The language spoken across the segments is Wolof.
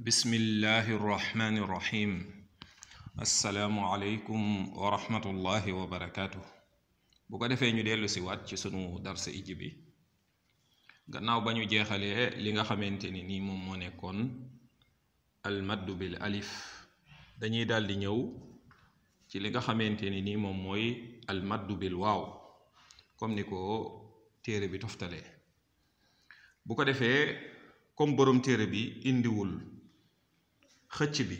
بسم الله الرحمن الرحيم السلام عليكم ورحمة الله وبركاته بوكو دافاي نيو ديلو سي وات سي سونو دارس ايجيبي غناو با نيو جيخالي ليغا خامتيني ني موم مو نيكون المد بالالف داني دال دي نيو سي ليغا خامتيني ني موم موي المد بالواو كوم نيكو تيري بي توفتالي بوكو دافاي كوم تيري بي اندي xëcc bi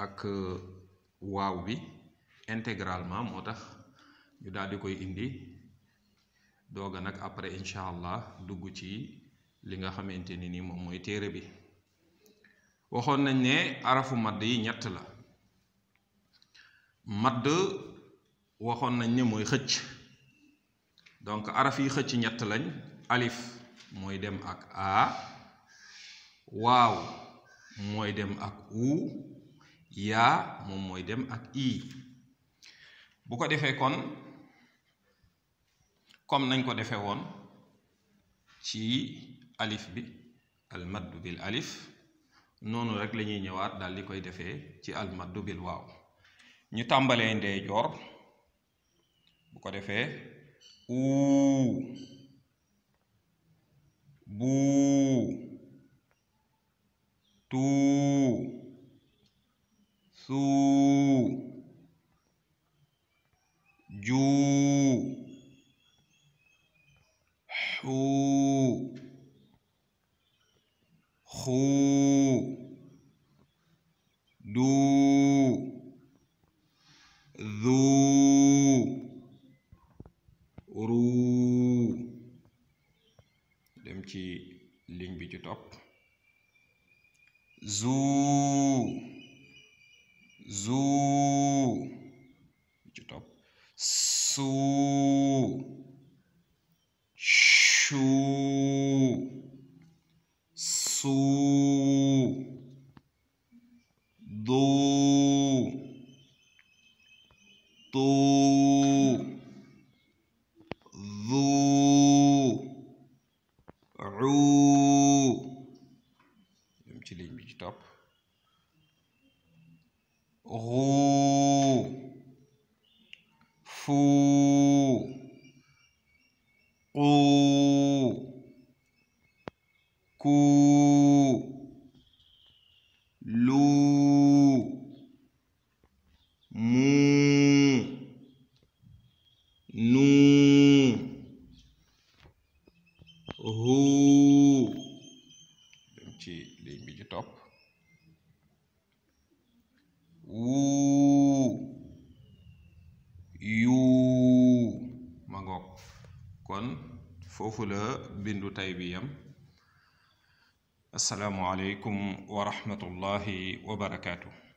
ak euh, waaw bi intégralement moo tax ñu daal di koy indi dooga nag après incha allah dugg ci li nga xamante ni nii moom mooy téere bi waxoon nañ ne arafu madd yi ñett la madd waxoon nañ ne mooy xëcc donc araf yi xëcc ñett lañ alif mooy dem ak a waaw mooy dem ak u yaa moom mooy dem ak i bu ko defee kon comme nañ ko defee woon ci alif bi almaddu bil alif noonu rek lañuy ñëwaat daal di koy defee ci almaddu bil waaw ñu tàmbalee ndeyjoor bu ko defee uu bu tu su ju xu xu du zu dem ci ligne bi ci topp zoo zoo top su shu su do to ذو عود de limitje top. Ru. Fu. U. Cu. شوب و يو ماغوك كون فوفو لا بندو تايبيام السلام عليكم ورحمه الله وبركاته